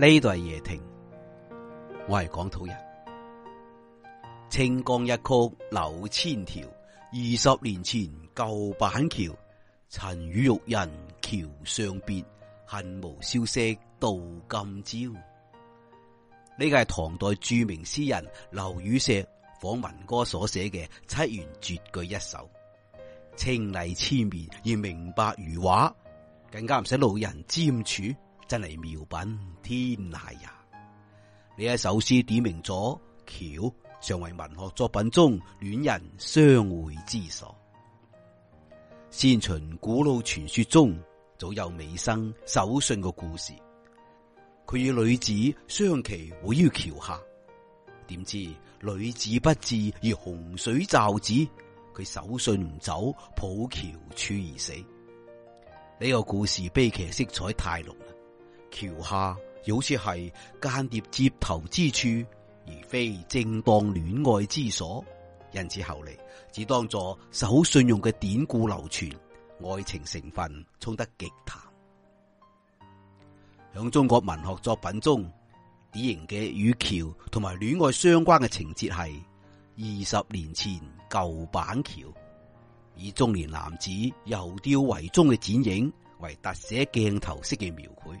呢度係夜聽，我係廣土人。清江一曲柳千條，二十年前舊板橋，曾與玉人橋上別，恨無消息到今朝。呢個係唐代著名詩人劉禹錫訪民歌所寫嘅七言絕句一首。清麗千面，而明白如話，更加唔使路人占處。真係妙品天籟呀！呢一首詩點明咗橋，尚為文學作品中戀人相會之所。先秦古老傳說中，早有尾生守信嘅故事。佢與女子相期會於橋下，點知女子不至而洪水罩子，佢守信唔走，抱橋柱而死。呢、這個故事悲劇色彩太濃。橋下又好似係間諜接頭之處，而非正當戀愛之所。因此後嚟只當作守信用嘅典故流傳，愛情成分沖得極淡。響中國文學作品中典型嘅與橋同埋戀愛相關嘅情節係二十年前舊板橋，以中年男子游釣為中嘅剪影為特寫鏡頭式嘅描繪。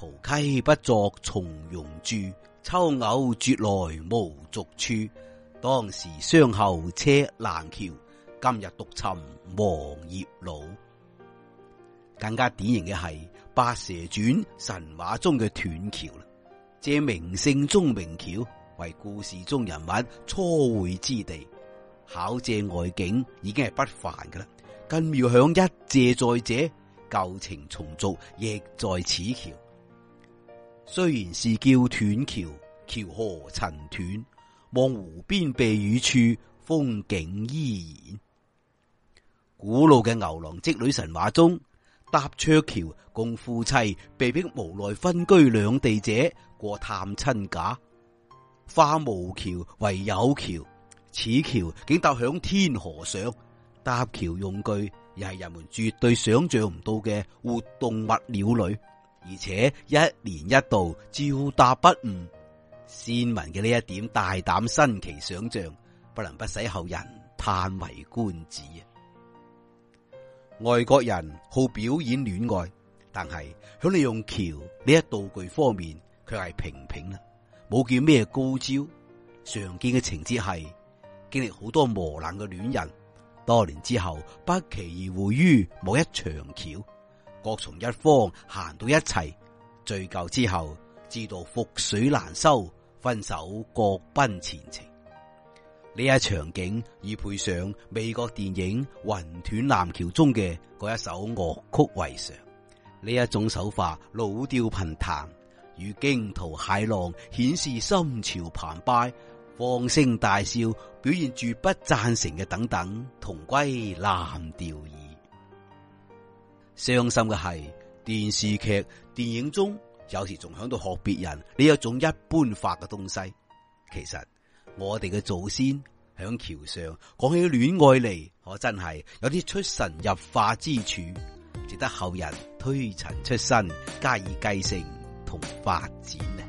桃溪不作從容住，秋藕絕來無續處。當時相候赤闌橋，今日獨尋黃葉路。更加典型嘅係《白蛇傳》神話中嘅斷橋啦。借名勝中名橋為故事中人物初會之地，巧借外景已經係不凡噶啦。更妙響一借再借舊情重續，亦在此橋。雖然是叫斷橋，橋何曾斷，望湖邊避雨處，風景依然。古老嘅牛郎織女神話中，搭鵲橋共夫妻被逼無奈分居兩地者，過探親假。花無橋為有橋，此橋竟搭響天河上。搭橋用具，又係人們絕對想象唔到嘅活動物鳥類。而且一年一度照答不誤，先民嘅呢一點大膽新奇想象，不能不使後人歎為觀止啊！外國人好表演戀愛，但係響利用橋呢一道具方面，佢係平平啦，冇見咩高招。常見嘅情節係經歷好多磨難嘅戀人，多年之後不期而會於某一場橋。各從一方行到一齊，醉酒之後知道覆水難收，分手各奔前程。呢一場景以配上美國電影《雲斷藍橋》中嘅嗰一首樂曲為常。呢一種手法老調頻彈與驚濤駭浪顯示心潮澎湃，放聲大笑表現住不贊成嘅等等，同歸濫調。傷心嘅係電視劇、電影中有時仲響度學別人，你有一種一般化嘅東西。其實我哋嘅祖先響橋上講起戀愛嚟，可真係有啲出神入化之處，值得後人推陳出新，加以繼承同發展啊。